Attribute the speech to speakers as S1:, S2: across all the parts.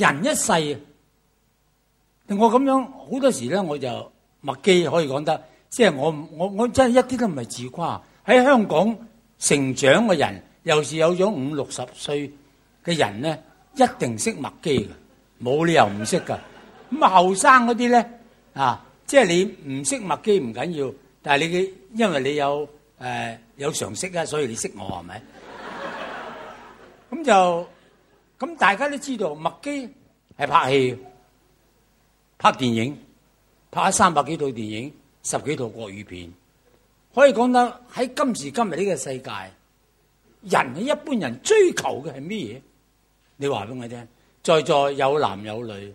S1: 人一世，我咁樣好多時咧，我就墨基可以講得，即係我我我真係一啲都唔係自誇。喺香港成長嘅人，又是有咗五六十歲嘅人咧，一定識墨基嘅，冇理由唔識㗎。咁啊，後生嗰啲咧啊，即係你唔識墨基唔緊要，但係你嘅因為你有誒、呃、有常識啊，所以你識我係咪？咁就。咁大家都知道，麥基係拍戲、拍電影、拍咗三百幾套電影、十幾套國語片，可以講得喺今時今日呢個世界，人呢，一般人追求嘅係乜嘢？你話俾我聽，在座有男有女，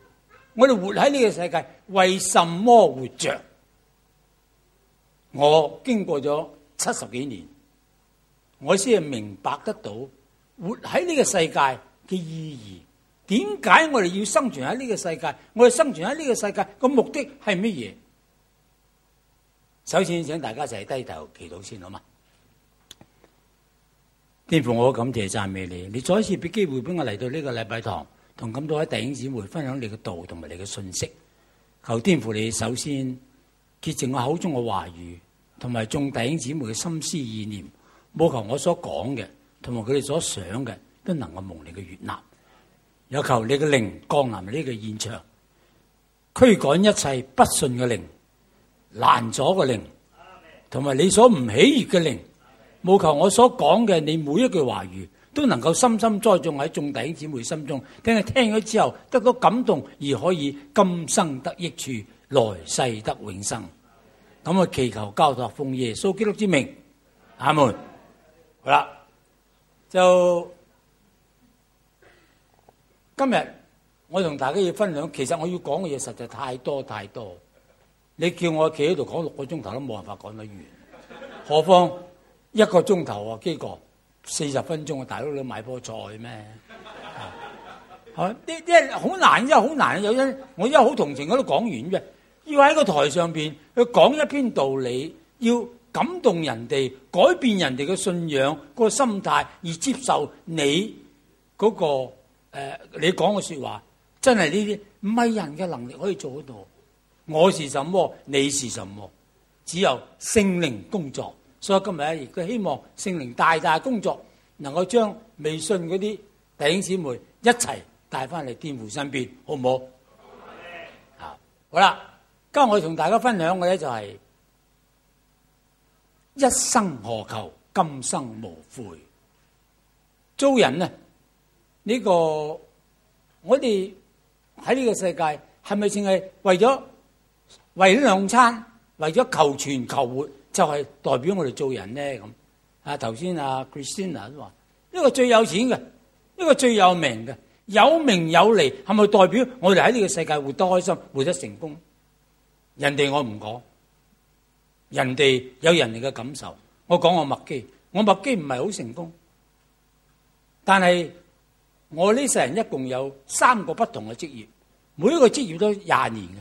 S1: 我哋活喺呢個世界，為什麼活着？我經過咗七十幾年，我先係明白得到，活喺呢個世界嘅意義，點解我哋要生存喺呢個世界？我哋生存喺呢個世界，個目的係乜嘢？首先請大家就係低頭祈禱先好嘛！天父，我感謝讚美你，你再一次俾機會俾我嚟到呢個禮拜堂，同咁多位弟兄姊妹分享你嘅道同埋你嘅信息。求天父，你首先竭盡我口中嘅話語，同埋眾弟兄姊妹嘅心思意念，冇求我所講嘅，同埋佢哋所想嘅。都能夠蒙你嘅悅納，有求你嘅靈降臨呢個現場，驅趕一切不順嘅靈、攔阻嘅靈，同埋你所唔喜悅嘅靈。務求我所講嘅你每一句話語都能夠深深栽種喺眾弟兄姊妹心中，令佢聽咗之後得到感動，而可以今生得益處，來世得永生。咁啊，祈求交託奉耶穌基督之名，阿門。好啦，就。今日我同大家要分享，其實我要講嘅嘢實在太多太多。你叫我企喺度講六個鐘頭都冇辦法講得完，何況一個鐘頭啊，幾個四十分鐘啊，大佬 你買波菜咩？係嘛？呢啲好難，因為好難，有因我因為好同情嗰度講完嘅，要喺個台上邊去講一篇道理，要感動人哋，改變人哋嘅信仰、嗰個心態，而接受你嗰、嗰個。誒，你講嘅說話真係呢啲唔係人嘅能力可以做得到。我是什麼，你是什麼，只有聖靈工作。所以今日咧，亦都希望聖靈大大工作，能夠將微信嗰啲弟兄姊妹一齊帶翻嚟，天父身邊，好唔好？啊，好啦，今日我同大家分享嘅咧就係、是、一生何求，今生無悔。做人呢。呢個我哋喺呢個世界係咪淨係為咗為咗兩餐，為咗求存求活，就係代表我哋做人呢？咁啊頭先啊 Christina 都話：呢個最有錢嘅，呢個最有名嘅，有名有利，係咪代表我哋喺呢個世界活得開心，活得成功？人哋我唔講，人哋有人哋嘅感受，我講我麥基，我麥基唔係好成功，但係。我呢世人一共有三個不同嘅職業，每一個職業都廿年嘅，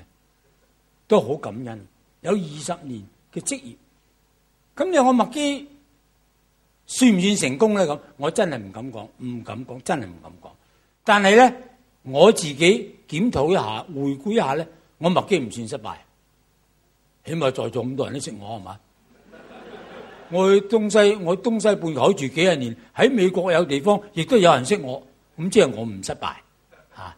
S1: 都好感恩。有二十年嘅職業，咁你話我麥基算唔算成功咧？咁我真係唔敢講，唔敢講，真係唔敢講。但係咧，我自己檢討一下，回顧一下咧，我麥基唔算失敗。起碼在座咁多人都識我係嘛？我去東西，我去東西背海住幾十年，喺美國有地方亦都有人識我。咁即係我唔失敗，吓、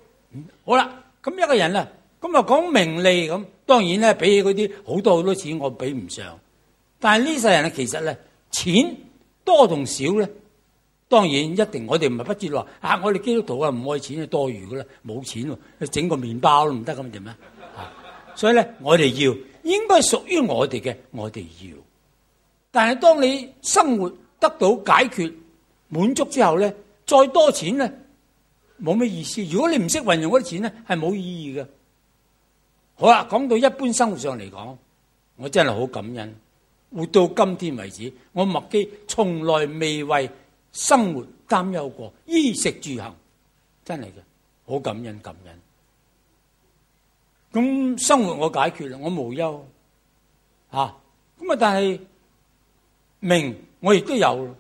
S1: 好啦，咁一個人呢，咁啊講名利咁，當然咧比起嗰啲好多好多錢我比唔上，但係呢世人呢，其實咧錢多同少咧，當然一定我哋唔係不接量、啊，我哋基督徒啊唔愛錢係多餘噶啦，冇錢整個麵包都唔得咁嘅咩？所以咧我哋要應該屬於我哋嘅，我哋要，要。但係當你生活得到解決滿足之後咧，再多錢咧。冇咩意思，如果你唔識運用嗰啲錢咧，係冇意義嘅。好啦，講到一般生活上嚟講，我真係好感恩，活到今天為止，我麥基從來未為生活擔憂過，衣食住行，真係嘅，好感恩感恩。咁生活我解決啦，我無憂，啊。咁啊！但係命我亦都有，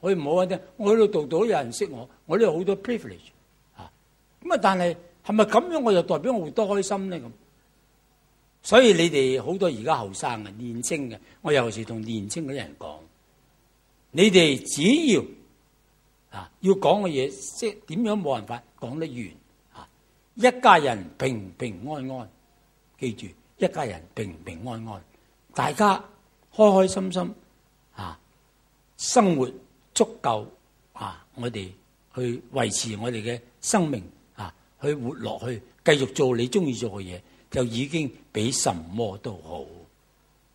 S1: 我唔好話啫，我喺度讀到有人識我，我都有好多 privilege。咁啊！但係係咪咁樣，我又代表我會多開心咧咁？所以你哋好多而家後生啊，年青嘅，我有時同年青嘅人講，你哋只要啊要講嘅嘢，即係點樣冇辦法講得完啊！一家人平平安安，記住一家人平平安安，大家開開心心啊！生活足夠啊！我哋去維持我哋嘅生命。去活落去，繼續做你中意做嘅嘢，就已經比什麼都好。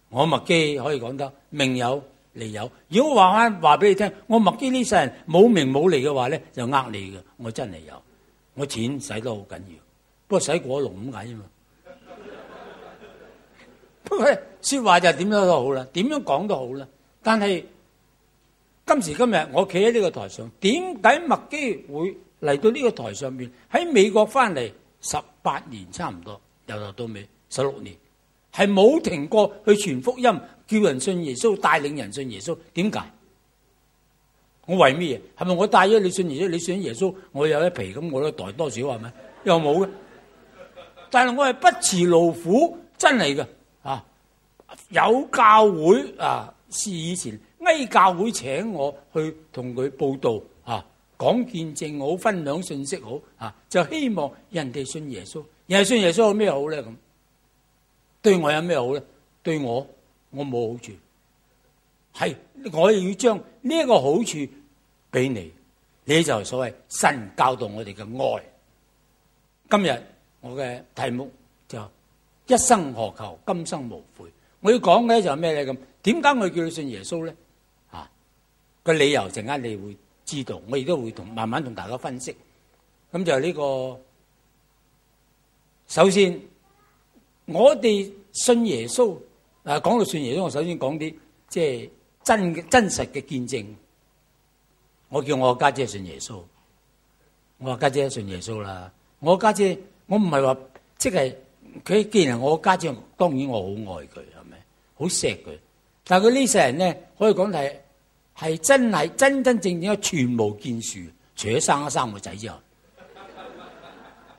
S1: 我麥基可以講得命有利有，如果話翻話俾你聽，我麥基呢世人冇名冇利嘅話咧，就呃你嘅。我真係有，我錢使得好緊要，不過使過龍咁解啫嘛。不過 說話就點樣都好啦，點樣講都好啦。但係今時今日我企喺呢個台上，點解麥基會？嚟到呢個台上面，喺美國翻嚟十八年，差唔多，由頭到尾十六年，係冇停過去傳福音，叫人信耶穌，帶領人信耶穌點解？我為咩嘢？係咪我帶咗你信耶穌？你信耶穌？我有一皮咁，我都袋多少啊？係咪？又冇嘅。但係我係不辭勞苦，真係嘅嚇。有教會啊，是以前偽教會請我去同佢佈道。講見證好，分享信息好，啊，就希望人哋信耶穌。人哋信耶穌有咩好呢？對我有咩好呢？對我，我冇好處。係，我要將呢個好處畀你。你就係所謂，神教導我哋嘅愛。今日，我嘅題目就，一生何求，今生無悔。我要講嘅就係咩呢？咁點解我叫你信耶穌呢？啊，個理由陣間你會。知道，我亦都會同慢慢同大家分析。咁就係呢個，首先我哋信耶穌。誒，講到信耶穌，我首先講啲即係真真實嘅見證。我叫我家姐信耶穌，我話家姐信耶穌啦。我家姐，我唔係話即係佢既然係我家姐，當然我好愛佢，係咪？好錫佢，但係佢呢世人咧，可以講係。.係真係真真正正嘅全無建樹，除咗生咗三個仔之後，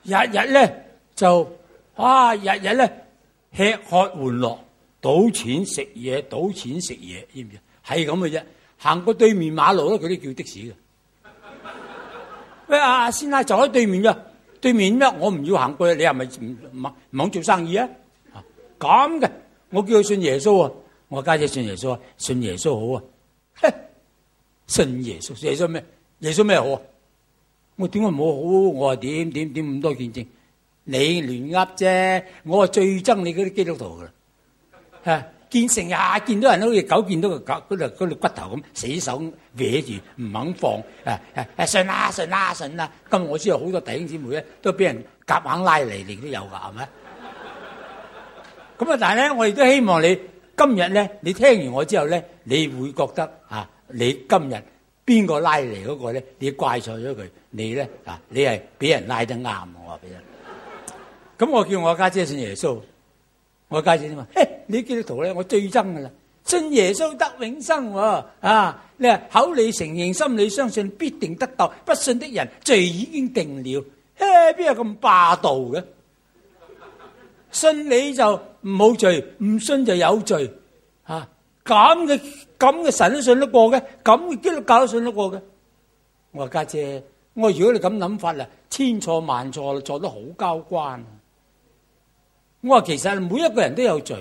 S1: 日日咧就啊，日日咧吃喝玩樂、賭錢食嘢、賭錢食嘢，知唔知？係咁嘅啫。行過對面馬路咧，佢啲叫的士嘅。喂，阿仙奶就喺對面㗎，對面咩？我唔要行過去，你係咪唔唔做生意啊？咁嘅，我叫佢信耶穌啊！我家姐，姐信耶穌，信耶穌好啊！信耶穌，耶穌咩？耶穌咩好啊？我點解冇好？我話點點點咁多見證，你亂噏啫。我最憎你嗰啲基督徒噶啦嚇，見成日見到人好似狗見到個狗嗰度嗰度骨頭咁死手搲住，唔肯放誒誒誒，信啦信啦信啦！今日我知道好多弟兄姊妹咧都俾人夾硬拉嚟，你都有噶係咪？咁啊，但係咧，我亦都希望你今日咧，你聽完我之後咧，你會覺得啊。你今日邊個拉嚟嗰個咧？你怪錯咗佢。你咧嗱，你係俾人拉得啱，我話俾你。咁我叫我家姐信耶穌，我家姐點話？誒，你基督徒咧，我最憎㗎喇！信耶穌得永生喎，啊！你係口裏承認，心裏相信，必定得到。不信的人罪已經定了。嘿，邊有咁霸道嘅？信你就冇罪，唔信就有罪。嚇咁嘅。咁嘅神都信得過嘅，咁嘅基督教都信得過嘅。我話家姐，姐，我如果你咁諗法啦，千錯萬錯，錯得好交關。我話其實每一個人都有罪，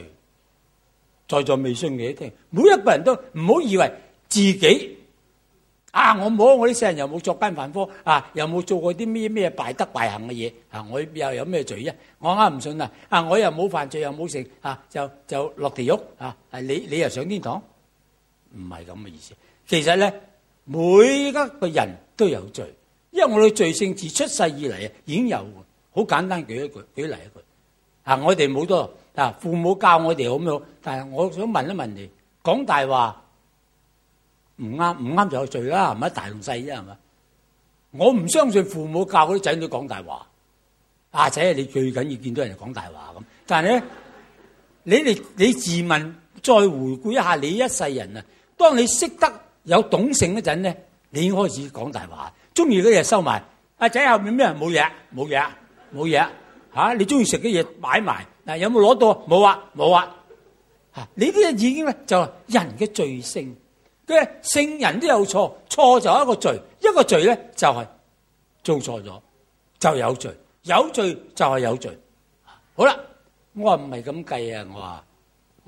S1: 在座未信嘅一聽，每一個人都唔好以為自己啊，我好，我啲世人又冇作奸犯科啊，又冇做過啲咩咩敗德敗行嘅嘢啊，我又有咩罪啊？我啱唔信啊啊！我又冇犯罪，又冇食啊，就就落地獄啊，你你又上天堂？唔係咁嘅意思，其實咧，每一個人都有罪，因為我哋罪性自出世以嚟啊，已經有了。好簡單舉一句，舉例一句，啊，我哋冇多，嗱，父母教我哋好咩，但係我想問一問你，講大話唔啱，唔啱就有罪啦，係咪？大同細啫，係咪？我唔相信父母教嗰啲仔女講大話，阿仔啊，你最緊要見到人講大話咁，但係咧，你哋你自問，再回顧一下你一世人啊。當你識得有懂性嗰陣咧，你已經開始講大話，中意嗰嘢收埋。阿仔後面咩人？冇嘢，冇嘢，冇嘢。嚇，你中意食嘅嘢買埋嗱，啊，有冇攞到？冇啊，冇啊。嚇，啊，呢啲已經咧就係人嘅罪性，佢聖人都有錯，錯就一個罪，一個罪咧就係做錯咗就有罪，有罪就係有罪。好啦，我唔係咁計啊，我話。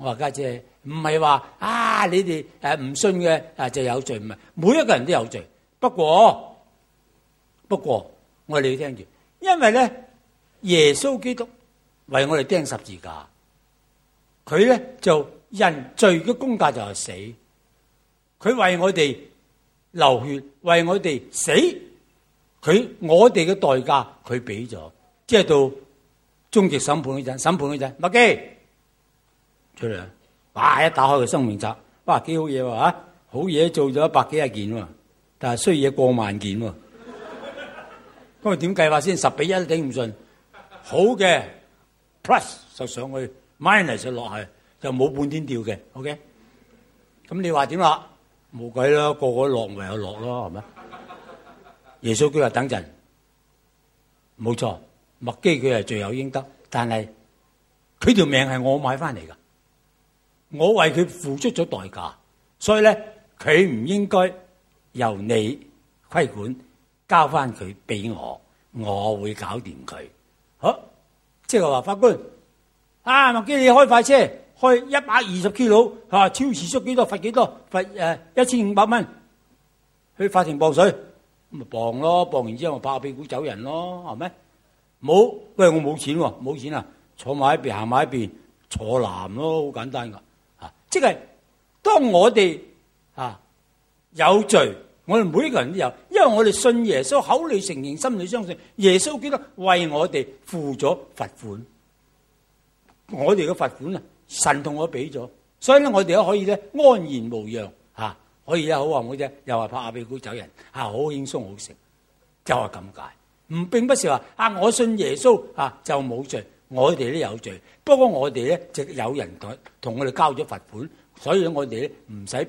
S1: 我話家姐唔係話啊！你哋誒唔信嘅就有罪唔係，每一個人都有罪。不過不過，我哋要聽住，因為咧耶穌基督為我哋釘十字架，佢咧就人罪嘅工價就係死。佢為我哋流血，為我哋死。佢我哋嘅代價佢俾咗，即係到終極審判嗰陣，審判嗰陣麥基，出嚟啊！哇，一打開個生命冊，哇，幾好嘢喎、啊、好嘢做咗百幾廿件喎，但係衰嘢過萬件喎。咁我點計法先？十比一頂唔順，好嘅 plus 就上去，minus 就落去，就冇半天吊嘅。O.K. 咁你話點啦？冇計啦，個個落咪又落咯，係咪 耶穌佢話等陣，冇錯，麥基佢係罪有應得，但係佢條命係我買翻嚟噶。我為佢付出咗代價，所以咧佢唔應該由你規管，交翻佢俾我，我會搞掂佢。好、啊，即係話法官，啊，我叫你開快車，開一百二十 kilo 超時速幾多，罰幾多，罰誒一千五百蚊，去法庭磅水，咪磅咯，磅完之後我拍屁股走人咯，係咪？冇，喂我冇錢喎，冇錢啊，坐埋一邊，行埋一邊，坐南咯，好簡單噶。當我哋啊有罪，我哋每個人都有，因為我哋信耶穌，口裏承認，心裏相信耶穌基督為我哋付咗罰款，我哋嘅罰款啊神同我俾咗，所以咧我哋都可以咧安然無恙吓，可以啊好話唔好聽，又話拍阿屁股走人，啊好輕鬆好食，就係咁解，唔並不是話啊我信耶穌啊就冇罪。我哋都有罪，不過我哋咧就有人同同我哋交咗罰款，所以咧我哋咧唔使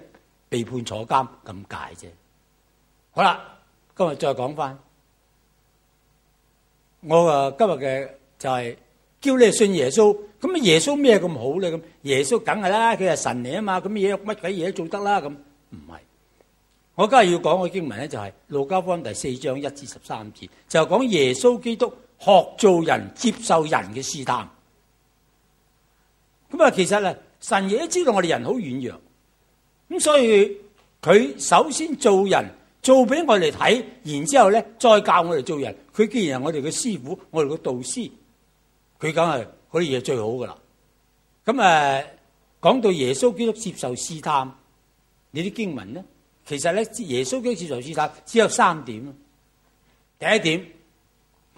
S1: 被判坐監咁解啫。好啦，今日再講返，我啊今日嘅就係叫你信耶穌，咁啊耶穌咩咁好咧？咁耶穌梗係啦，佢係神嚟啊嘛，咁乜嘢乜鬼嘢都做得啦咁。唔係，我今日要講嘅經文咧就係《路加福音》第四章一至十三節，就講耶穌基督。學做人，接受人嘅試探。咁啊，其實啊，神爺都知道我哋人好軟弱，咁所以佢首先做人做俾我哋睇，然之後咧再教我哋做人。佢既然係我哋嘅師傅，我哋嘅導師，佢梗係嗰啲嘢最好噶啦。咁啊，講到耶穌基督接受試探，你啲經文咧，其實咧耶穌基督接受試探只有三點。第一點，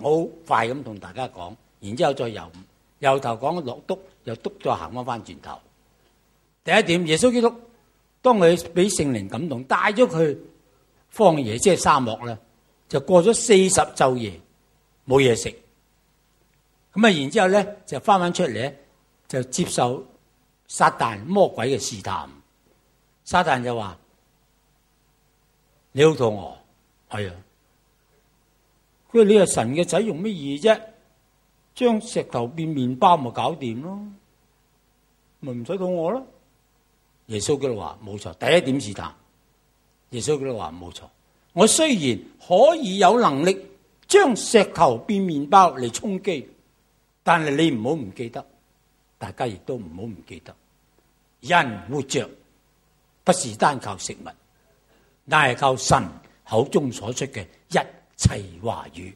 S1: 好快咁同大家講，然之後再由由頭講落篤，又篤再行翻翻轉頭。第一點，耶穌基督當佢俾聖靈感動，帶咗佢荒野，即係沙漠咧，就過咗四十晝夜冇嘢食。咁啊，然之後咧就翻翻出嚟咧，就接受撒旦魔鬼嘅試探。撒旦就話，你好肚餓，係啊。不你係神嘅仔，用乜嘢啫？將石頭變麵包咪搞掂咯，咪唔使到我咯。耶穌佢話冇錯，第一點試探。耶穌佢話冇錯，我雖然可以有能力將石頭變麵包嚟充飢，但係你唔好唔記得，大家亦都唔好唔記得，人活着不是單靠食物，乃係靠神口中所出嘅一。齊華宇，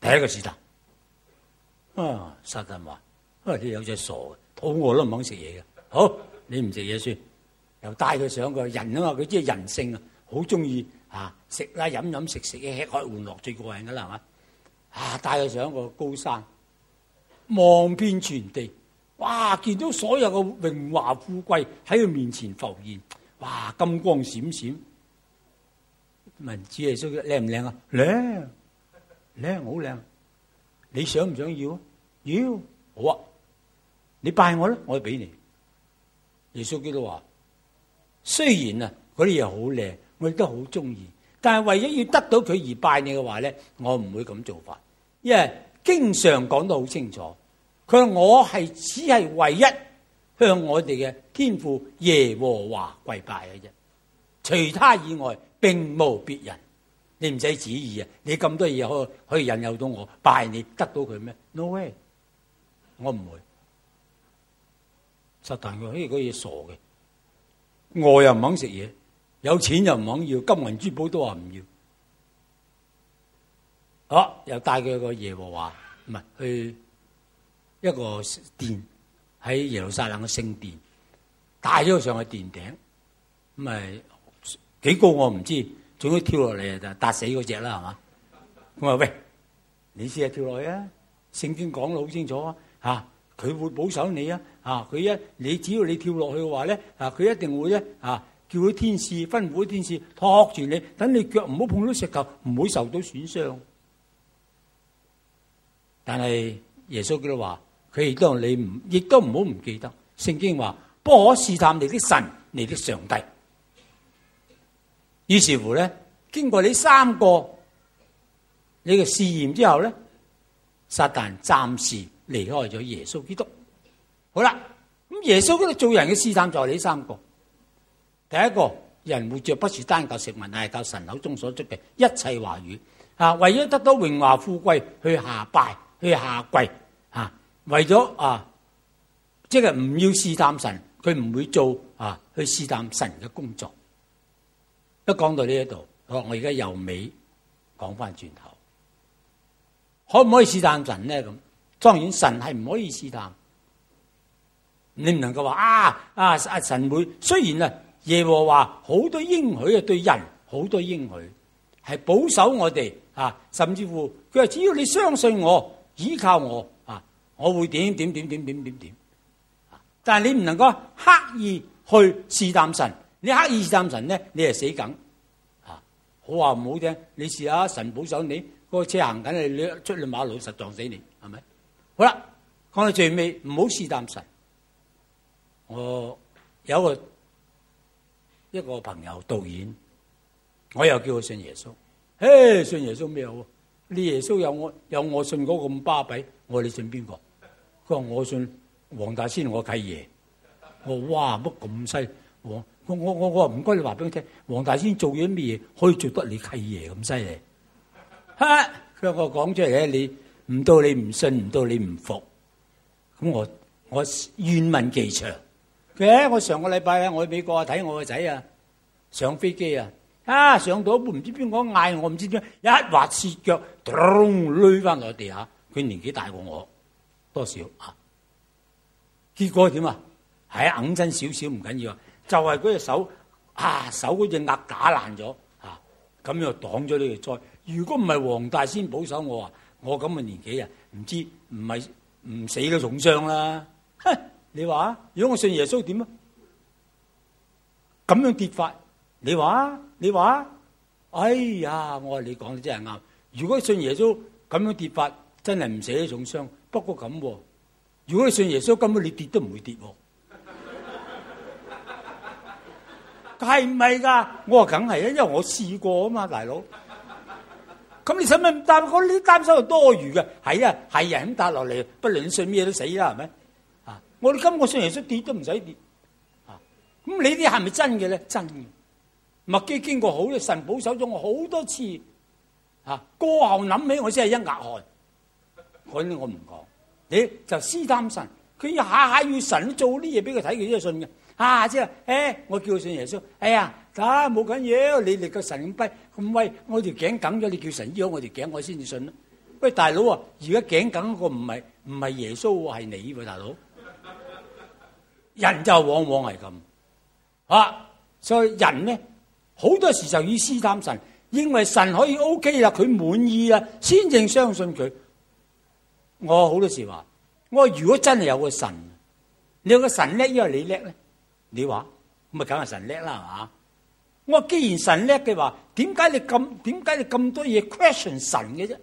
S1: 第一個是達，啊，沙贊話：你有隻傻嘅肚餓都唔肯食嘢嘅。好，你唔食嘢算，又帶佢上個人啊嘛，佢即係人性啊，好中意啊食啦，飲飲食食，吃喝玩樂最過癮噶啦，係嘛？啊，帶佢、啊啊、上個高山，望遍全地，哇！見到所有嘅榮華富貴喺佢面前浮現，哇！金光閃閃。文字係蘇杰靚唔靚啊？靚，靚好靚！你想唔想要啊？要，好啊！你拜我咧，我俾你。耶穌基督話：雖然啊，嗰啲嘢好靚，我亦都好中意，但係為咗要得到佢而拜你嘅話咧，我唔會咁做法，因為經常講得好清楚。佢話我係只係唯一向我哋嘅天父耶和華跪拜嘅啫，除他以外，並無別人，你唔使旨意啊！你咁多嘢可可以引誘到我拜你得到佢咩？No way！我唔會。實談佢，嘿，嗰嘢傻嘅。我又唔肯食嘢，有錢又唔肯要，金銀珠寶都話唔要。好，又帶佢去個耶和華唔係去一個殿喺耶路撒冷嘅聖殿，帶咗佢上去殿頂咁係。幾個我唔知，總之跳落嚟就搭死嗰隻啦，係嘛？佢話，喂，你試下跳落去啊！聖經講得好清楚，吓佢會保守你啊，吓佢一你只要你跳落去嘅話咧，啊佢一定會咧啊叫佢天使吩咐天使托住你，等你腳唔好碰到石頭，唔會受到損傷。但係耶穌佢話，佢亦都你唔亦都唔好唔記得，聖經話不可試探你的神，你的上帝。於是乎咧，經過呢三個你嘅試驗之後咧，撒旦暫時離開咗耶穌基督。好啦，咁耶穌喺度做人嘅試探就係呢三個。第一個人活着不是單靠食物，係靠神口中所出嘅一切話語。啊，為咗得到榮華富貴去下拜去下跪。啊，為咗啊，即係唔要試探神，佢唔會做啊去試探神嘅工作。一講到呢一度，我我而家由尾講翻轉頭，可唔可以試探神呢？咁當然神係唔可以試探，你唔能夠話啊啊啊神會，雖然啊耶和華好多應許啊對人好多應許係保守我哋啊，甚至乎佢話只要你相信我，依靠我啊，我會點點點點點點點，但係你唔能夠刻意去試探神。你刻意試探神呢？你係死梗，吓、啊、好話唔好聽，你試下神保守你，你個車行緊你，你出去馬路實撞死你，係咪？好啦，講到最尾，唔好試探神。我有一個一個朋友導演，我又叫佢信耶穌。嘿，信耶穌咩好？你耶穌有我有我信嗰咁巴閉，我你信邊個？佢話我信黃大仙，我契爺。我哇，乜咁犀我我我我唔該，你話俾佢聽，黃大仙做咗咩嘢可以做得你契爺咁犀利？哈！佢話我講出嚟咧，你唔到你唔信，唔到你唔服，咁我我願聞其詳？佢我上個禮拜啊，我去美國啊，睇我個仔啊，上飛機啊，啊上到一半唔知邊個嗌我，唔知點樣一滑跌腳，咚攣翻落地下。佢年紀大過我多少啊？結果點啊？係硬真少少唔緊要。就係嗰隻手啊，手嗰隻鴨打爛咗啊，咁又擋咗你條災。如果唔係黃大仙保守我啊，我咁嘅年紀啊，唔知唔係唔死都重傷啦、啊。你話、啊、如果我信耶穌點啊？咁樣跌法，你話、啊、你話、啊、哎呀，我話你講得真係啱。如果信耶穌咁樣跌法，真係唔死都重傷。不過咁、啊，如果你信耶穌，根本你跌都唔會跌、啊。係唔係噶？我話梗係啊，因為我試過啊嘛，大佬。咁你使咩唔擔？嗰啲擔心係多餘嘅。係啊，係人打落嚟，不論信咩都死啦，係咪？啊，我哋今個信耶穌跌都唔使跌。啊，咁你啲係咪真嘅咧？真嘅，麥基經過好，神保守咗我好多次。啊，過後諗起我先係一額汗。嗰啲我唔講，你就私擔神。佢要下下要神做啲嘢俾佢睇，佢呢先信嘅。啊！即係，誒，我叫信耶穌。哎呀，得冇緊要，你哋個神咁逼咁喂我條頸梗咗，你叫神醫好我條頸，我先至信啊，喂，大佬啊，而家頸梗個唔係唔係耶穌，係你喎，大佬。人就往往係咁，啊，所以人咧好多時就以試探神，認為神可以 O K 啦，佢滿意啦，先至相信佢。我好多時話，我如果真係有個神，你有個神叻，因為你叻咧。你話咁咪梗係神叻啦係嘛？我既然神叻嘅話，點解你咁，點解你咁多嘢 question 神嘅啫？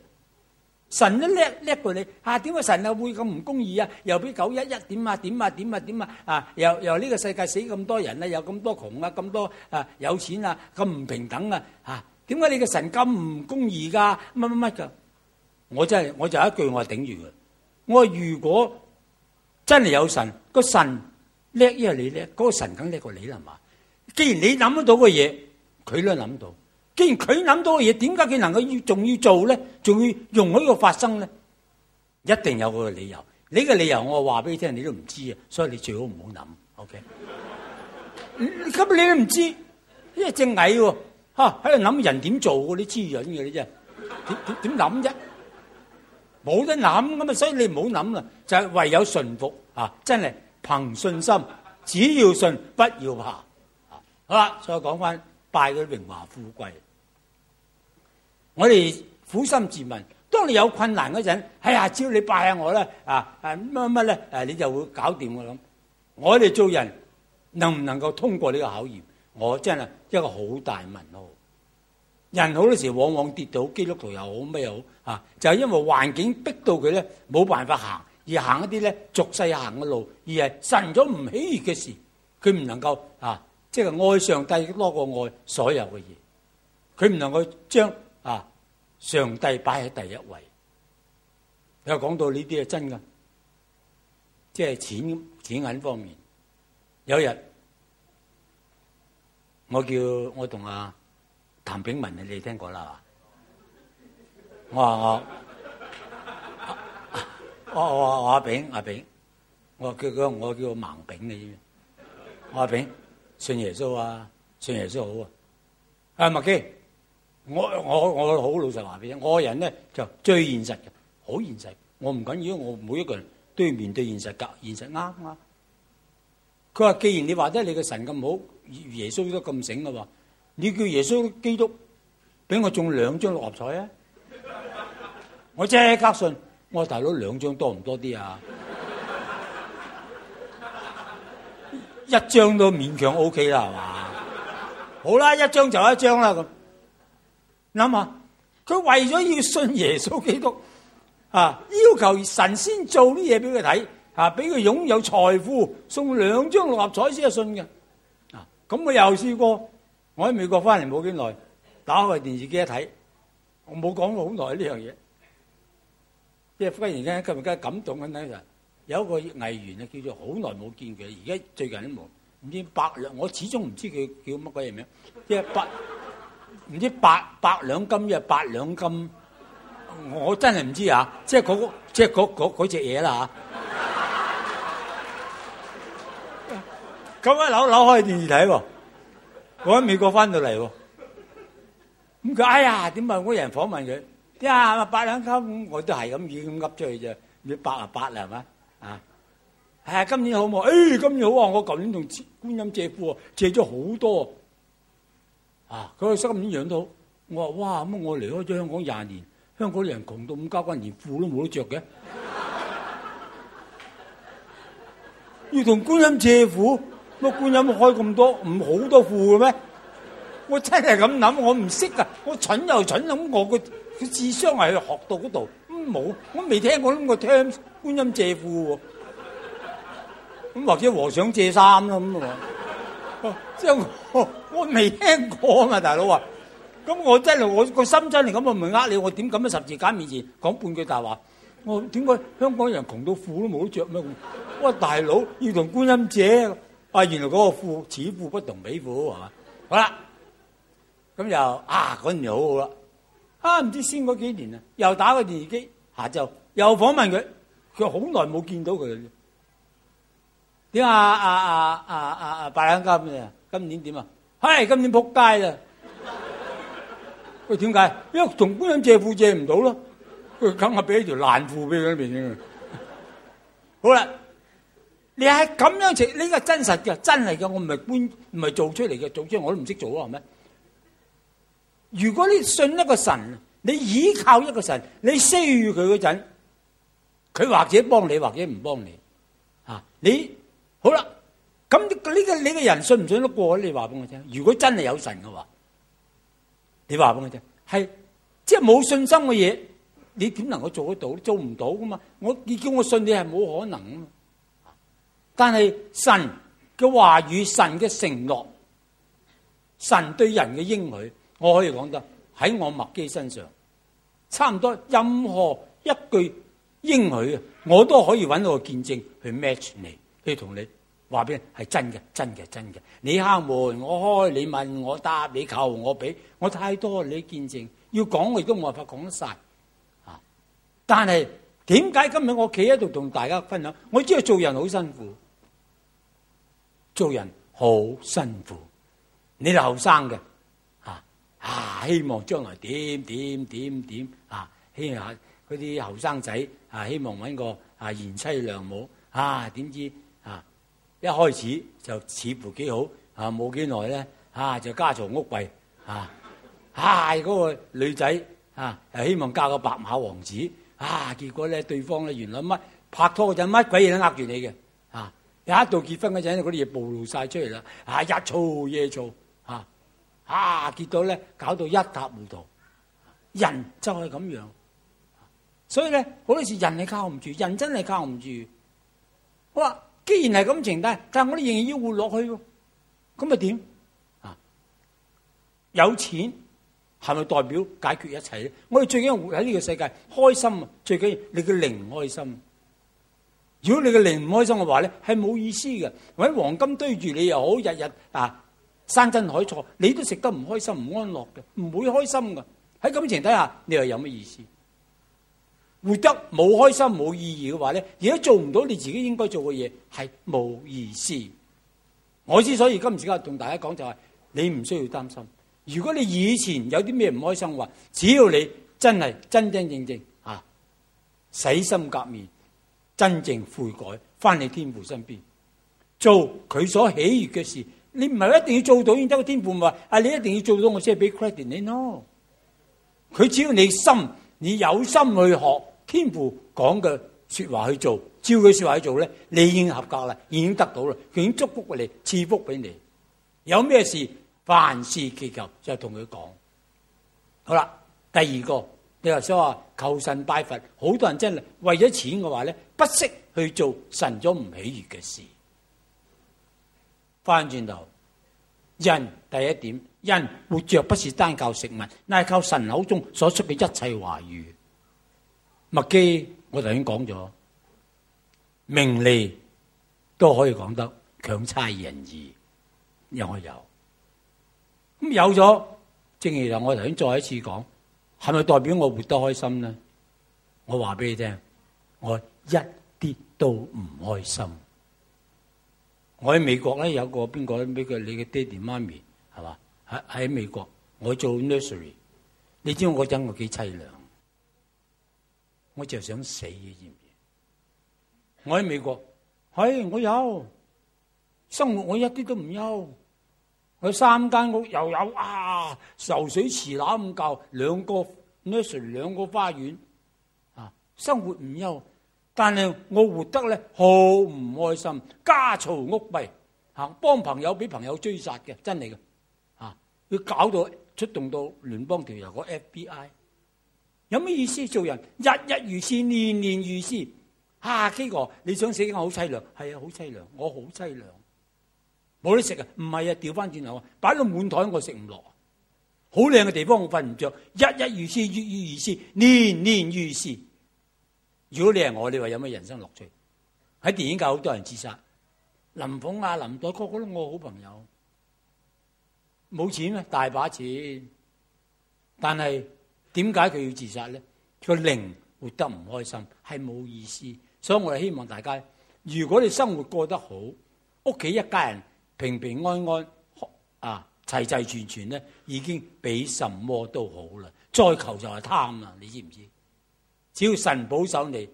S1: 神都叻叻過你吓？點解神啊會咁唔公義啊？又俾九一一點啊點啊點啊點啊啊！又又呢個世界死咁多人啦，有咁多窮啊，咁多啊有錢啊，咁唔平等啊吓？點解你嘅神咁唔公義噶？乜乜乜噶？我真係我，我就一句我頂住佢。我話如果真係有神，個神。叻，因為你叻，嗰神梗叻過你係嘛？既然你諗得到嘅嘢，佢都諗到，既然佢諗到嘅嘢，點解佢能夠要仲要做咧？仲要容許嗰個發生咧？一定有佢個理由，你個理由我話俾你聽，你都唔知啊！所以你最好唔好諗，OK？咁 你都唔知，因為隻蟻喎，喺度諗人點做嗰啲滋潤嘅啫，點點點諗啫？冇得諗咁啊！所以你唔好諗啦，就係唯有順服啊！真係。憑信心，只要信，不要怕。好啦，再講翻拜佢啲榮華富貴。我哋苦心自問，當你有困難嗰陣，哎呀，只要你拜下我咧，啊啊乜乜咧，誒，你就會搞掂嘅咁。我哋做人能唔能夠通過呢個考驗？我真係一個好大問號。人好多時往往跌到基督徒又好咩好啊，就係因為環境逼到佢咧，冇辦法行，而行一啲咧俗世行嘅路，而係神咗唔喜悅嘅事，佢唔能夠啊，即係愛上帝多過愛所有嘅嘢，佢唔能夠將啊上帝擺喺第一位。你又講到呢啲係真㗎，即係錢錢銀方面。有日我叫我同阿譚炳文你哋聽過啦，我話我。我我，我阿炳阿炳，我叫佢，我，我叫盲炳你知。我、啊、阿炳信耶穌啊，信耶穌好啊。阿、哎、麥基，我我我，我好老實話俾你聽，我個人咧就最現實嘅，好現實。我唔緊要，我每一個人都要面對現實噶，現實啱啊。佢話，既然你話得你嘅神咁好，耶穌都咁醒啦，你叫耶穌基督俾我中兩張六合彩啊？我即刻信。我大佬兩張多唔多啲啊？ 一張都勉強 OK 啦，係嘛？好啦，一張就一張啦。咁你諗下，佢為咗要信耶穌基督啊，要求神仙做啲嘢俾佢睇啊，俾佢擁有財富，送兩張六合彩先係信嘅。啊，咁佢又試過，我喺美國翻嚟冇幾耐，打開電視機一睇，我冇講過好耐呢樣嘢。即忽然間今日梗係感動緊就有一個藝員啊，叫做好耐冇見佢，而家最近都冇，唔知百兩，我始終唔知佢叫乜鬼嘢名，即係百唔知百百兩金，又百兩金，我真係唔知啊！即係嗰、嗰個、即係嗰隻嘢啦
S2: 嚇。
S1: 咁、嗰、啊、個嗰個、 扭扭開電視睇喎，我喺美國翻到嚟喎，咁佢哎呀點啊！我有人訪問佢。呀、啊，八兩金我都係咁嘅咁噏出去啫。你八啊八啦，係咪？啊，係今年好冇？誒，今年好喎，哎！我舊年同觀音借庫，借咗好多啊！佢今年養到我話哇！咁我離開咗香港廿年，香港人窮到五交關，連褲都冇得着嘅。 要同觀音借庫，乜觀音開咁多唔好多庫嘅咩？我真係咁諗，我唔識啊！我蠢又蠢，咁我個。佢智商係學到嗰度，咁、嗯、冇，我未聽過，咁我聽觀音借褲喎，咁或者和尚借衫咁喎，即係我我未聽過啊嘛，大佬啊，咁我真係我個心真係咁，我唔呃你，我點敢喺十字架面前講半句大話，我點解香港人窮到褲都冇得著咩？我話大佬要同觀音借，啊原來嗰個褲，此褲不同彼褲，係、啊、嘛，好啦，咁又啊嗰陣就好啦。啊唔知先嗰幾年啊，又打個電視機，下晝又訪問佢，佢好耐冇見到佢。點啊啊啊啊啊！拜、啊、銀、啊啊、金啊，今年點啊？係、哎、今年仆街啦。喂、 哎，點解？因為同觀音借褲借唔到咯，佢梗係俾條爛褲俾佢邊好啦，你係咁樣借，呢個真實嘅，真係嘅，我唔係觀唔係做出嚟嘅，做出嚟我都唔識做啊，係咪？如果你信一個神，你依靠一個神，你施予佢嗰陣，佢或者幫你，或者唔幫你，啊！你好啦，咁呢個你個人信唔信得過？你話俾我聽。如果真係有神嘅話，你話俾我聽，係即係冇信心嘅嘢，你點能夠做得到？做唔到噶嘛？我你叫我信你係冇可能啊！但係神嘅話語，神嘅承諾，神對人嘅應許。我可以講得喺我麥基身上，差唔多任何一句應許啊，我都可以揾到個見證去 match 你，去同你話俾你係真嘅，真嘅，真嘅。你敲門，我開；你問我答，你求我俾我太多。你見證要講，我亦都冇辦法講得晒啊！但係點解今日我企喺度同大家分享？我知道做人好辛苦，做人好辛苦。你哋後生嘅。啊！希望將來點點點點啊！希望嗰啲後生仔啊，希望揾個啊賢妻良母啊！點知啊，一開始就似乎幾好啊，冇幾耐咧啊，就家嘈屋閉啊！啊，嗰個女仔啊，希望嫁個白馬王子啊，結果咧對方咧原來乜拍拖嗰陣乜鬼嘢都呃住你嘅啊！一到結婚嗰陣，嗰啲嘢暴露曬出嚟啦！啊，日嘈夜嘈。啊！結果咧，搞到一塌糊塗，人就係咁樣，所以咧好多時人係靠唔住，人真係靠唔住。我話既然係咁情態，但係我哋仍然要活落去喎。咁咪點啊？有錢係咪代表解決一切咧？我哋最緊要活喺呢個世界，開心最緊要，你嘅靈唔開心。如果你嘅靈唔開心嘅話咧，係冇意思嘅。揾黃金堆住你又好，日日啊～山珍海錯，你都食得唔開心唔安樂嘅，唔會開心噶。喺咁嘅情況底下，你又有咩意思？活得冇開心冇意義嘅話咧，而家做唔到你自己應該做嘅嘢，係冇意思。我之所以今時今日同大家講就係，你唔需要擔心。如果你以前有啲咩唔開心話，只要你真係真真正正啊洗心革面，真正悔改，翻去天父身邊，做佢所喜悅嘅事。你唔係一定要做到，然之後天父話啊，你一定要做到，我先俾 credit 你，no，咯。佢只要你心，你有心去學，天父講嘅說話去做，照佢說話去做咧，你已經合格啦，已經得到啦，佢已經祝福你，賜福俾你。有咩事？凡事祈求就係同佢講。好啦，第二個，你話想話求神拜佛，好多人真係為咗錢嘅話咧，不惜去做神咗唔喜悅嘅事。翻轉頭，人，第一點，人，活着不是單靠食物，乃係靠神口中所我喺美國咧，有個邊個俾佢你嘅爹哋媽咪係嘛？喺喺美國，我做 nursery，你知我嗰陣我幾凄涼，我就想死，知唔知？我喺美國，係、哎、我有生活，我一啲都唔憂，我三間屋又有啊，受水池乸咁夠，兩個 nursery，兩個花園，啊，生活唔憂。但係我活得咧好唔開心，家嘈屋閉嚇，幫朋友俾朋友追殺嘅，真係嘅嚇，要搞到出動到聯邦調查個 FBI，有咩意思做人？日日如斯，年年如斯。下幾個你想死嘅好凄涼，係啊，好凄涼，我好凄涼，冇得食啊！唔係啊，掉翻轉頭，擺到滿台我食唔落，好靚嘅地方我瞓唔着，日日如斯，月月如斯，年年如斯。如果你係我，你話有咩人生樂趣？喺電影界好多人自殺，林鳳啊、林黛，個個都我好朋友，冇錢啊，大把錢，但係點解佢要自殺咧？佢零活得唔開心，係冇意思。所以我哋希望大家，如果你生活過得好，屋企一家人平平安安，啊齊齊全全咧，已經比什麼都好啦。再求就係貪啦，你知唔知？只要神保守你，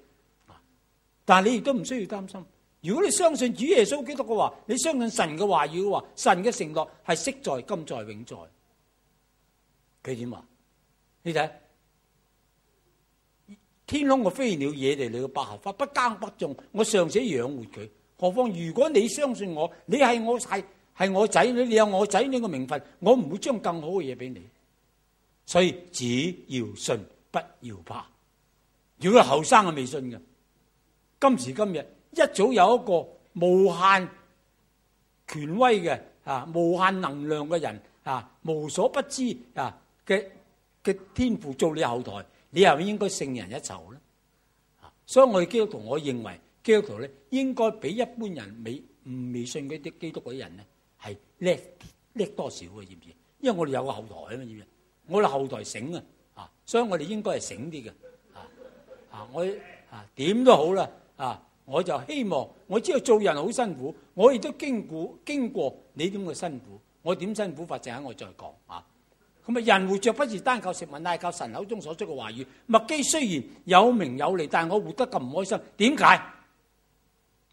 S1: 但係你亦都唔需要擔心。如果你相信主耶穌基督嘅話，你相信神嘅話語嘅話，神嘅承諾係昔在、今在、永在。佢點話？你睇天空嘅飛鳥野地裏嘅百合花，不耕不種，我尚且養活佢，何況如果你相信我，你係我仔，係我仔女，你有我仔女嘅名分，我唔會將更好嘅嘢俾你。所以只要信，不要怕。如果後生係未信嘅，今時今日一早有一個無限權威嘅啊，無限能量嘅人啊，無所不知啊嘅嘅天父做你後台，你又應該勝人一籌咧。啊，所以我哋基督徒，我認為基督徒咧應該比一般人未未信嗰啲基督徒啲人咧係叻叻多少嘅，知唔知？因為我哋有個後台啊嘛，知唔知？我哋後台醒啊，啊，所以我哋應該係醒啲嘅。啊，我啊點都好啦啊！我就希望我知道做人好辛苦，我亦都經過經過你呢種嘅辛苦。我點辛苦法，陣間我再講啊！咁啊，人活着不是單靠食物，乃靠神口中所出嘅話語。物質雖然有名有利，但係我活得咁唔開心，點解？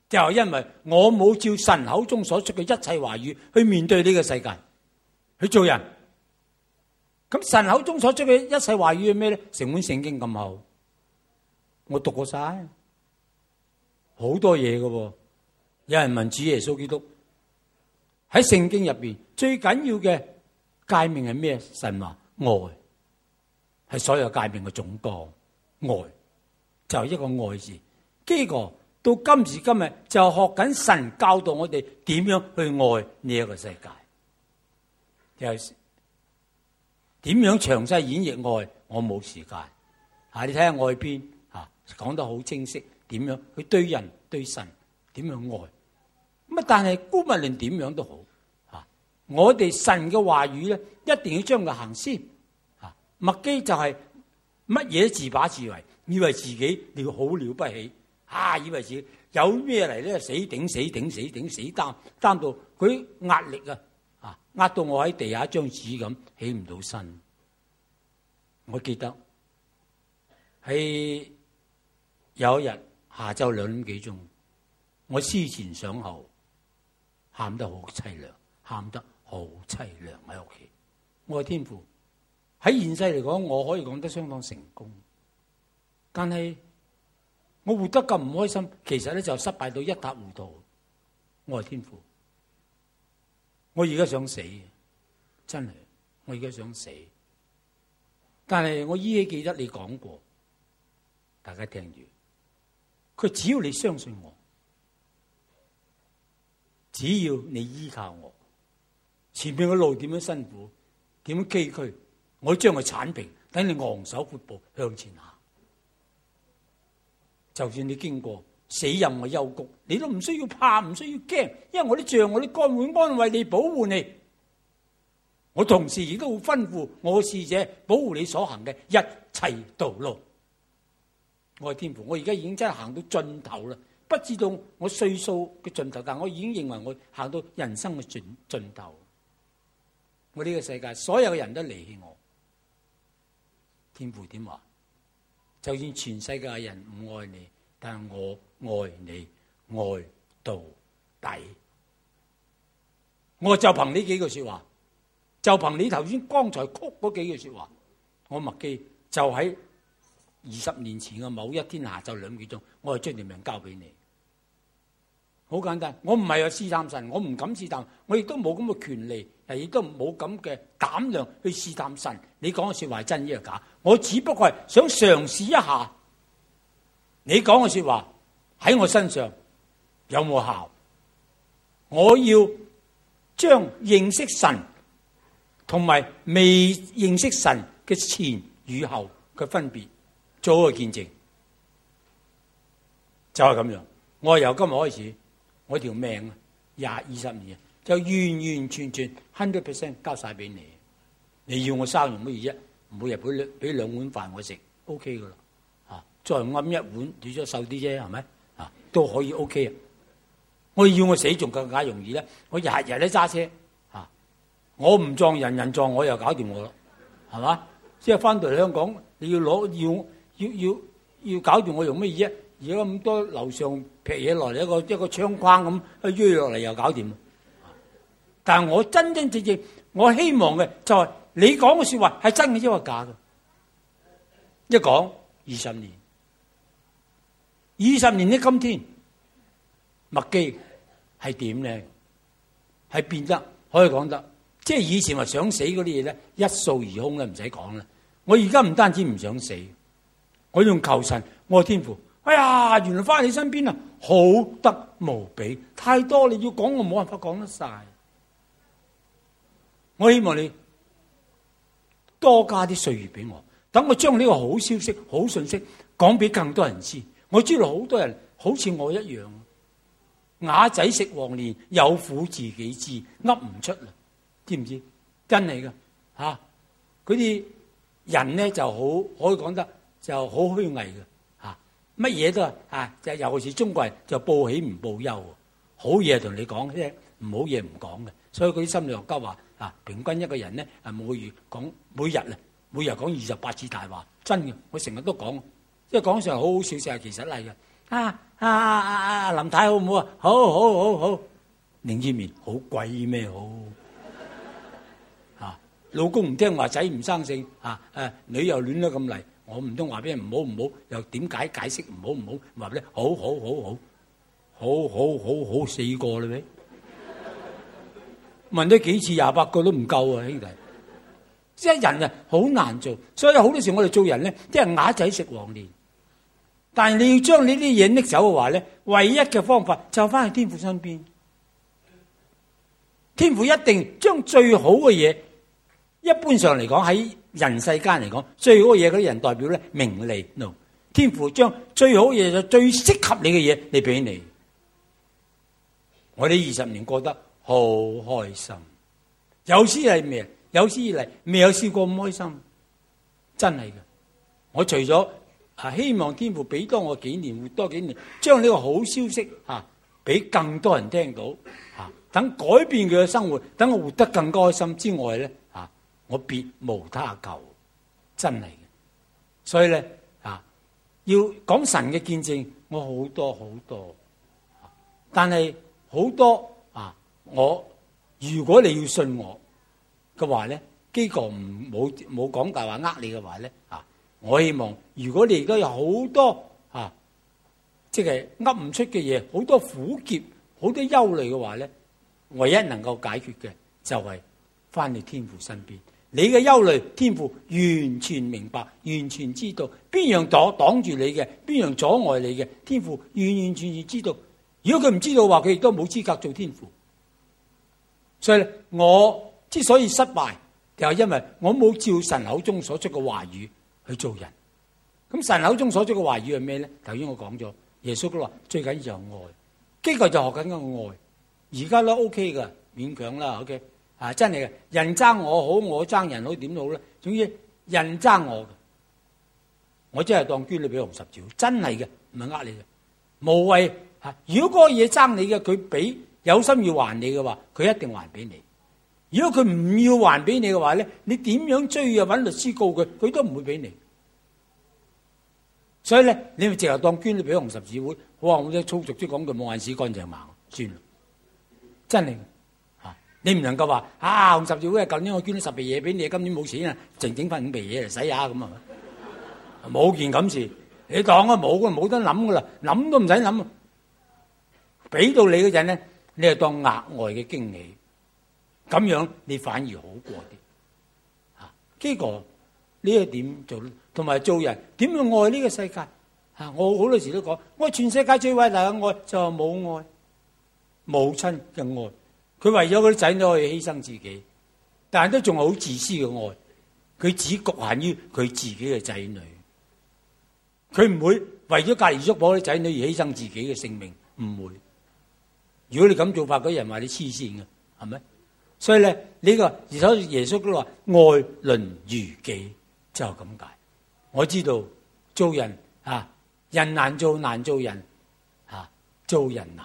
S1: 就係因為我冇照神口中所出嘅一切話語去面對呢個世界去做人。咁神口中所出嘅一切話語係咩咧？成本聖經咁好。我讀過晒，好多嘢嘅。有人問主耶穌基督喺聖經入邊最緊要嘅誡命係咩？神話，愛係所有誡命嘅總綱，愛就係一個愛字。結果到今時今日就學緊神教導我哋點樣去愛呢一個世界。又點樣詳細演繹愛？我冇時間。吓，你睇下外邊。講得好清晰，點樣佢對人對神點樣愛，咁但係古物聯點樣都好啊！我哋神嘅話語咧，一定要將佢行先啊！麥基就係乜嘢自把自為，以為自己你好了不起，吓、啊、以為自己有咩嚟咧死頂死頂死頂死擔擔到佢壓力啊啊！壓到我喺地下張紙咁起唔到身。我記得喺。有一日下晝兩點幾鐘，我思前想後，喊得好淒涼，喊得好淒涼喺屋企。我係天父，喺現世嚟講，我可以講得相當成功，但係我活得咁唔開心，其實咧就失敗到一塌糊塗。我係天父，我而家想死，真係，我而家想死。但係我依稀記得你講過，大家聽住。佢，只要你相信我，只要你依靠我，前面嘅路點樣辛苦，點樣崎嶇，我將佢鏟平，等你昂首闊步向前行。就算你經過死蔭嘅幽谷，你都唔需要怕，唔需要驚，因為我啲杖，我啲竿會安慰你，保護你。我同時亦都會吩咐我使者保護你所行嘅一切道路。我係天父，我而家已經真係行到盡頭啦，不知道我歲數嘅盡頭，但我已經認為我行到人生嘅盡盡頭了。我呢個世界所有嘅人都離棄我，天父點話？就算全世界嘅人唔愛你，但係我愛你愛到底。我就憑呢幾句説話，就憑你頭先剛才曲嗰幾句説話，我默記就喺。二十年前嘅某一天下晝兩點幾鐘，我就將條命交俾你。好簡單，我唔係有試探神，我唔敢試探，我亦都冇咁嘅權利，亦都冇咁嘅膽量去試探神。你講嘅說話係真抑係假？我只不過係想嘗試一下，你講嘅說話喺我身上有冇效？我要將認識神同埋未認識神嘅前與後嘅分別。做個見證就係、是、咁樣，我由今日開始，我條命廿二十年就完完全全 hundred percent 交晒俾你。你要我生用乜嘢啫？每日俾兩俾兩碗飯我食，OK 噶啦。啊，再揞一碗，煮咗瘦啲啫，係咪啊都可以 OK 啊！我要我死仲更加容易咧，我日日都揸車啊！我唔撞人，人撞我又搞掂我啦，係嘛？即係翻到嚟香港，你要攞要。要要要搞掂我用乜嘢？而家咁多樓上劈嘢落嚟，一個一個窗框咁去 q 落嚟又搞掂。但係我真真正正，我希望嘅就係、是、你講嘅說話係真嘅，抑或假嘅？一講二十年，二十年的今天，默基係點咧？係變得可以講得，即、就、係、是、以前話想死嗰啲嘢咧，一掃而空啦，唔使講啦。我而家唔單止唔想死。我用求神，我天父，哎呀，原來翻你身邊啊，好得無比，太多你要講，我冇辦法講得晒。我希望你多加啲歲月俾我，等我將呢個好消息、好信息講俾更多人知。我知道好多人好似我一樣，啞仔食黃連，有苦自己知，噏唔出啦，知唔知？真係噶吓，啲人呢，就好可以講得。就好虛偽嘅嚇，乜、啊、嘢都啊，就尤其是中國人就報喜唔報憂，好嘢同你講啫，唔好嘢唔講嘅。所以佢啲心理學家話啊，平均一個人咧，每月講每日啊，每日講二十八字大話，真嘅。我成日都講，即係講上好好笑，成日其實嚟嘅。啊啊啊啊！林太好唔好啊？好好好好，寧志面，好貴咩好、啊？老公唔聽話，仔唔生性，嚇、啊啊、女又亂得咁嚟。我唔通話俾人唔好唔好？又點解解釋唔好唔好？話俾你好好好好好好好好四個咧， 問咗幾次廿八個都唔夠啊，兄弟！即 係人啊，好難做，所以好多時我哋做人呢，即係啞仔食黃連，但係你要將呢啲嘢拎走嘅話咧，唯一嘅方法就翻去天父身邊，天父一定將最好嘅嘢，一般上嚟講喺。人世間嚟講，最好嘅嘢嗰啲人代表咧，名利。No, 天父將最好嘢就最適合你嘅嘢，你俾你。我呢二十年過得好開心，有史係咩？有時以嚟未有試過咁開心，真係嘅。我除咗希望天父俾多我幾年，活多幾年，將呢個好消息吓俾更多人聽到，等改變佢嘅生活，等我活得更加開心之外咧。我別無他求，真係嘅。所以咧啊，要講神嘅見證，我好多好多。啊、但係好多啊，我如果你要信我嘅話咧，基哥唔冇冇講大話呃你嘅話咧啊，我希望如果你而家有好多啊，即係呃唔出嘅嘢，好多苦澀，好多憂慮嘅話咧，唯一能夠解決嘅就係翻你天父身邊。你嘅憂慮天父完全明白，完全知道邊樣擋擋住你嘅，邊樣阻礙你嘅天父完完全全知道。如果佢唔知道的話，佢亦都冇資格做天父。所以，我之所以失敗，就係因為我冇照神口中所出嘅話語去做人。咁神口中所出嘅話語係咩咧？頭先我講咗，耶穌都話最緊要有愛，基就學緊個愛，而家都 OK 噶，勉強啦，OK。啊！真係嘅，人爭我好，我爭人好，點好咧？總之人爭我嘅，我真係當捐你俾紅十字會，真係嘅，唔係呃你嘅，無謂嚇、啊。如果嗰個嘢爭你嘅，佢俾有心要還你嘅話，佢一定還俾你。如果佢唔要還俾你嘅話咧，你點樣追啊？揾律師告佢，佢都唔會俾你。所以咧，你咪直頭當捐你俾紅十字會，好啊！我即係粗俗啲講句，冇眼屎乾淨盲，算了，真係。你唔能夠話啊紅十字會啊，舊年我捐咗十皮嘢俾你，今年冇錢啊，淨整翻五皮嘢嚟使下咁啊，冇件咁事。你講啊冇嘅，冇得諗嘅啦，諗都唔使諗。俾到你嗰陣咧，你係當額外嘅驚喜，咁樣你反而好過啲。嚇，呢個呢一點做，同埋做人點樣愛呢個世界？嚇，我好多時都講，我全世界最偉大嘅愛就係母愛，母親嘅愛。佢為咗佢仔女可以犧牲自己，但係都仲係好自私嘅愛。佢只局限於佢自己嘅仔女，佢唔會為咗隔籬叔婆啲仔女而犧牲自己嘅性命，唔會。如果你咁做法，嗰人話你黐線嘅，係咪？所以咧，呢個而所耶穌都話愛鄰如己，就咁解。我知道做人啊，人難做難做人啊，做人難，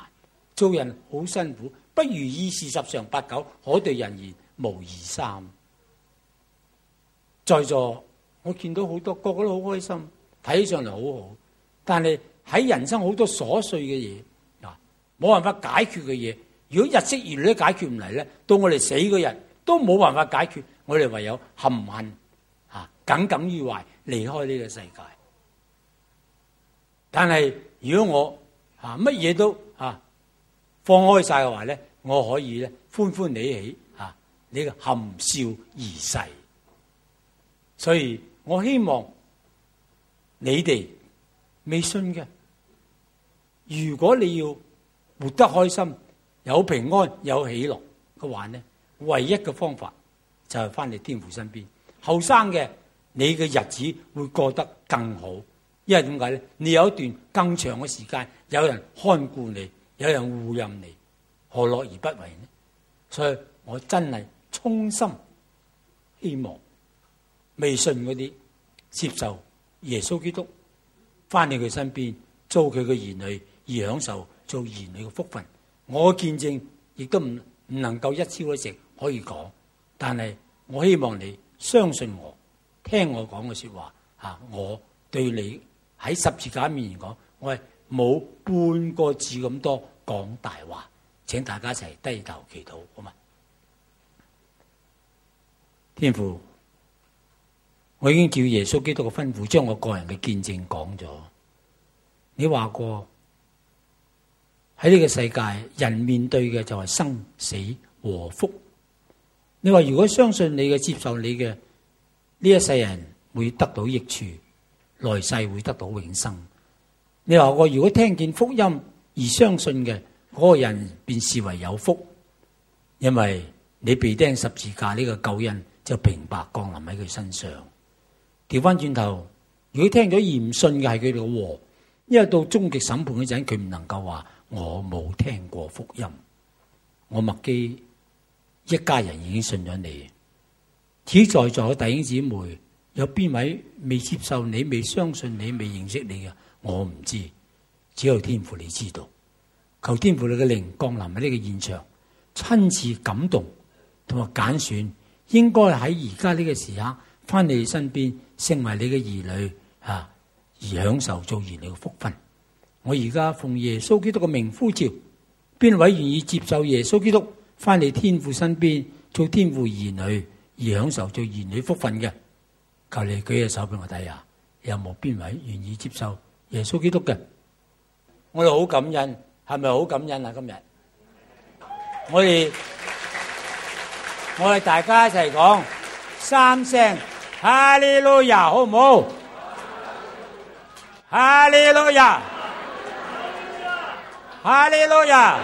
S1: 做人好辛苦。不如意事十常八九，可對人言無二三。在座，我見到好多，覺個個都好開心，睇起上嚟，好好。但係喺人生好多瑣碎嘅嘢，嗱，冇辦法解決嘅嘢，如果日積月累都解決唔嚟咧，到我哋死嗰日都冇辦法解決，我哋唯有含恨啊，耿耿於懷，離開呢個世界。但係如果我啊乜嘢都，放開晒嘅話咧，我可以咧歡歡喜喜嚇，你嘅含笑而逝。所以我希望你哋未信嘅，如果你要活得開心、有平安、有喜樂嘅話咧，唯一嘅方法就係翻嚟天父身邊。後生嘅，你嘅日子會過得更好，因為點解咧？你有一段更長嘅時間有人看顧你。有人護任你，何樂而不為呢？所以我真係衷心希望未信嗰啲接受耶穌基督，翻嚟佢身邊做佢嘅兒女而享受做兒女嘅福分。我見證亦都唔唔能夠一朝一夕可以講，但係我希望你相信我，聽我講嘅說的話吓，我對你喺十字架面前講，我係。冇半個字咁多講大話，請大家一齊低頭祈禱好嗎？天父，我已經叫耶穌基督嘅吩咐，將我個人嘅見證講咗。你話過喺呢個世界，人面對嘅就係生死和福。你話如果相信你嘅、接受你嘅，呢一世人會得到益處，來世會得到永生。你話我如果聽見福音而相信嘅嗰個人，便視為有福，因為你被釘十字架呢個救恩就平白降臨喺佢身上。調翻轉頭，如果聽咗言信嘅係佢哋嘅禍，因為到終極審判嗰陣，佢唔能夠話我冇聽過福音，我默基一家人已經信咗你。此在座嘅弟兄姊妹，有邊位未接受你、未相信你、未認識你嘅？我唔知，只有天父你知道。求天父你嘅靈降臨喺呢個現場，親自感動同埋揀選，應該喺而家呢個時刻翻你身邊，成為你嘅兒女啊，而享受做兒女嘅福分。我而家奉耶穌基督嘅名呼召，邊位願意接受耶穌基督翻嚟天父身邊做天父兒女，而享受做兒女福分嘅？求你舉下手俾我睇下，有冇邊位願意接受？耶穌基督嘅，我哋好感恩，係咪好感恩啊？今日，我哋我哋大家一齊講三聲哈利路亞，好唔好？哈利路亞，哈利路亞，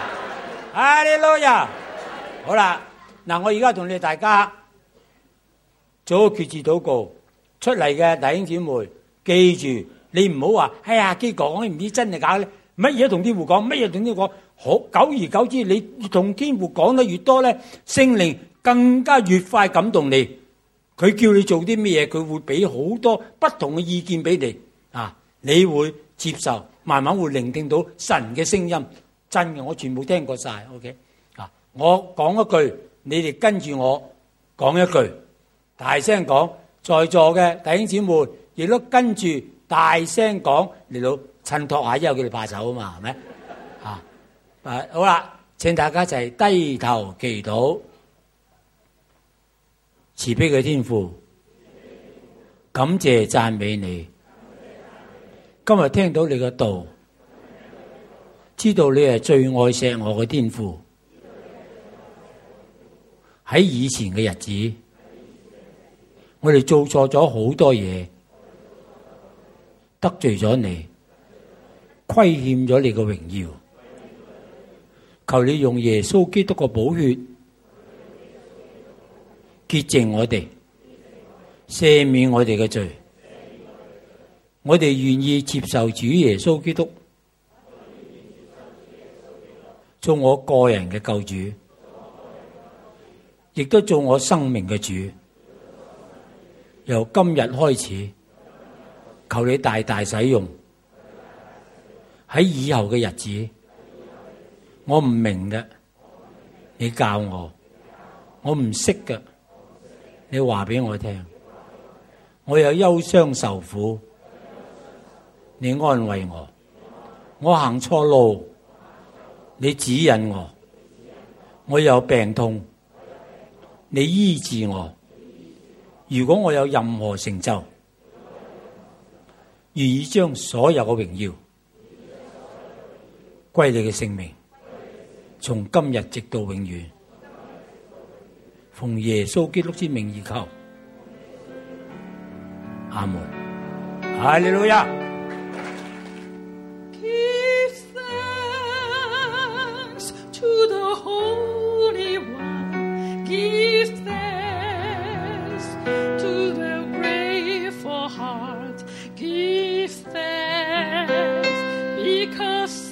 S1: 哈利路亞，好啦。嗱，我而家同你哋大家做個決志禱告，出嚟嘅弟兄姊妹，記住。你唔好話，哎呀，佢講唔知真定假咧，乜嘢都同天父講，乜嘢同天父講，好久而久之，你同天父講得越多咧，聖靈更加越快感動你。佢叫你做啲咩嘢，佢會俾好多不同嘅意見俾你啊！你會接受，慢慢會聆聽到神嘅聲音。真嘅，我全部聽過晒。OK，啊，我講一句，你哋跟住我講一句，大聲講，在座嘅弟兄姊妹亦都跟住。大聲講嚟到襯托一下，之後叫你怕醜啊嘛，係咪？ 啊，好啦，請大家一齊低頭祈禱，慈悲嘅天父，感謝讚美你。今日聽到你嘅道，知道你係最愛錫我嘅天父。喺以前嘅日子，我哋做錯咗好多嘢。得罪咗你，虧欠咗你嘅榮耀，求你用耶穌基督嘅寶血潔淨我哋，赦免我哋嘅罪，我哋願意接受主耶穌基督做我個人嘅救主，亦都做我生命嘅主，由今日開始。求你大大使用，喺以後嘅日子，我唔明嘅，你教我；我唔識嘅，你話俾我聽；我有憂傷受苦，你安慰我；我行錯路，你指引我；我有病痛，你醫治我。如果我有任何成就，願意將所有嘅榮耀歸你嘅聖名，從今日直到永遠，奉耶穌基督之名而求，阿門。哈利路亞。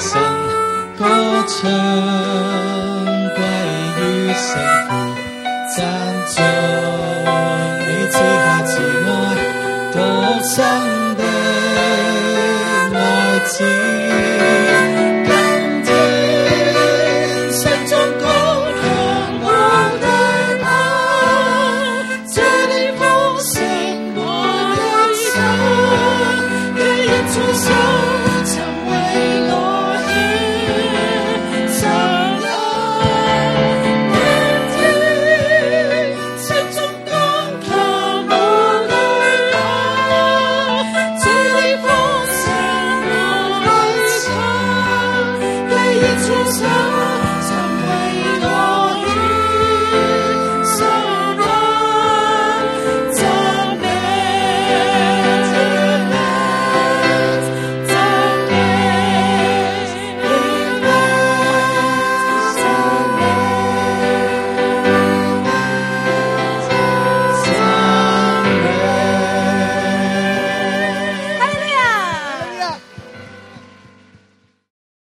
S2: 神歌唱，歸於聖父，讚頌你賜下慈愛獨生。